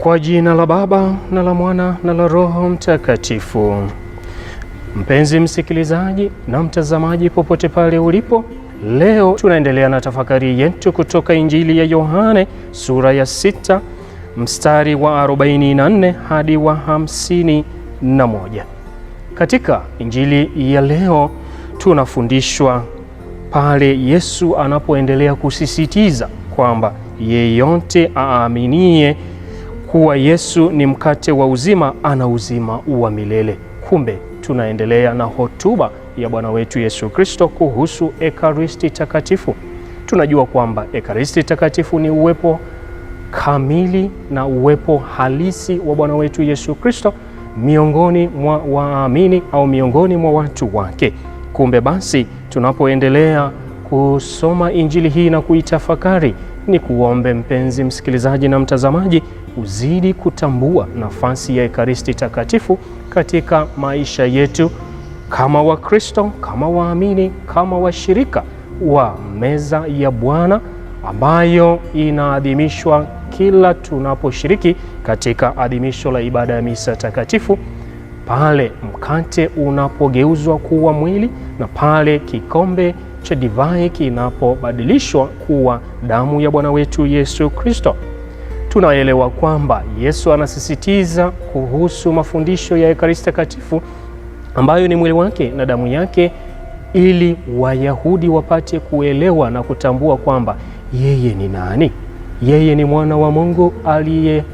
Kwa jina la Baba na la Mwana na la Roho Mtakatifu. Mpenzi msikilizaji na mtazamaji, popote pale ulipo, leo tunaendelea na tafakari yetu kutoka Injili ya Yohane sura ya sita mstari wa 44 hadi wa 51. Katika Injili ya leo tunafundishwa pale Yesu anapoendelea kusisitiza kwamba yeyote aaminie kuwa Yesu ni mkate wa uzima, ana uzima wa milele. Kumbe tunaendelea na hotuba ya Bwana wetu Yesu Kristo kuhusu Ekaristi Takatifu. Tunajua kwamba Ekaristi Takatifu ni uwepo kamili na uwepo halisi wa Bwana wetu Yesu Kristo miongoni mwa waamini au miongoni mwa watu wake. Kumbe basi tunapoendelea kusoma Injili hii na kuitafakari ni kuombe mpenzi msikilizaji na mtazamaji uzidi kutambua nafasi ya Ekaristi Takatifu katika maisha yetu kama Wakristo, kama waamini, kama washirika wa meza ya Bwana ambayo inaadhimishwa kila tunaposhiriki katika adhimisho la ibada ya misa takatifu, pale mkate unapogeuzwa kuwa mwili na pale kikombe cha divai kinapobadilishwa kuwa damu ya Bwana wetu Yesu Kristo. Tunaelewa kwamba Yesu anasisitiza kuhusu mafundisho ya Ekaristi Takatifu ambayo ni mwili wake na damu yake ili Wayahudi wapate kuelewa na kutambua kwamba yeye ni nani. Yeye ni mwana wa Mungu aliye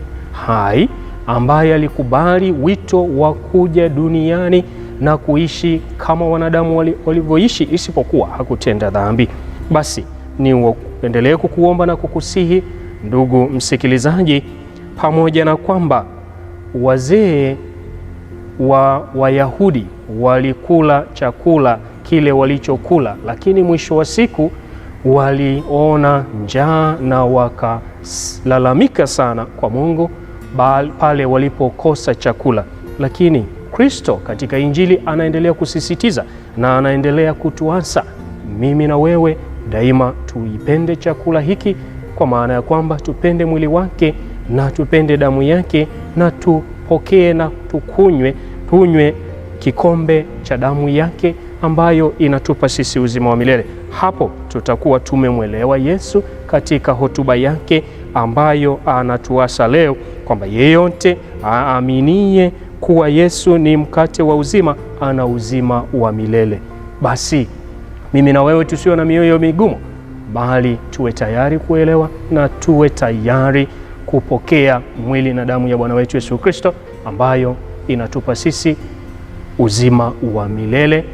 hai ambaye alikubali wito wa kuja duniani na kuishi kama wanadamu walivyoishi, isipokuwa hakutenda dhambi. Basi ni endelee kukuomba na kukusihi ndugu msikilizaji, pamoja na kwamba wazee wa Wayahudi walikula chakula kile walichokula, lakini mwisho wa siku waliona njaa na wakalalamika sana kwa Mungu pale walipokosa chakula, lakini Kristo katika Injili anaendelea kusisitiza na anaendelea kutuasa mimi na wewe daima tuipende chakula hiki, kwa maana ya kwamba tupende mwili wake na tupende damu yake, na tupokee na tukunywe, tunywe kikombe cha damu yake ambayo inatupa sisi uzima wa milele. Hapo tutakuwa tumemwelewa Yesu katika hotuba yake ambayo anatuasa leo kwamba yeyote aaminie kuwa Yesu ni mkate wa uzima, ana uzima wa milele. Basi mimi na wewe tusiwe na mioyo migumu, bali tuwe tayari kuelewa na tuwe tayari kupokea mwili na damu ya Bwana wetu Yesu Kristo ambayo inatupa sisi uzima wa milele,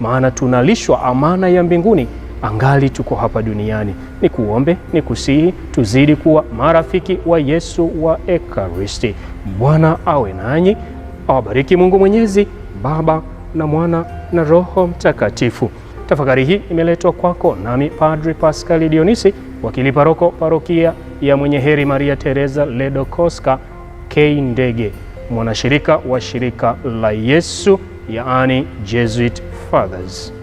maana tunalishwa amana ya mbinguni angali tuko hapa duniani. Ni kuombe ni kusihi tuzidi kuwa marafiki wa Yesu wa Ekaristi. Bwana awe nanyi awabariki Mungu Mwenyezi, Baba na Mwana na Roho Mtakatifu. Tafakari hii imeletwa kwako nami Padri Pascali Dionisi, wakili paroko parokia ya Mwenye Heri Maria Teresa Ledokoska K Ndege, mwanashirika wa shirika la Yesu yaani Jesuit Fathers.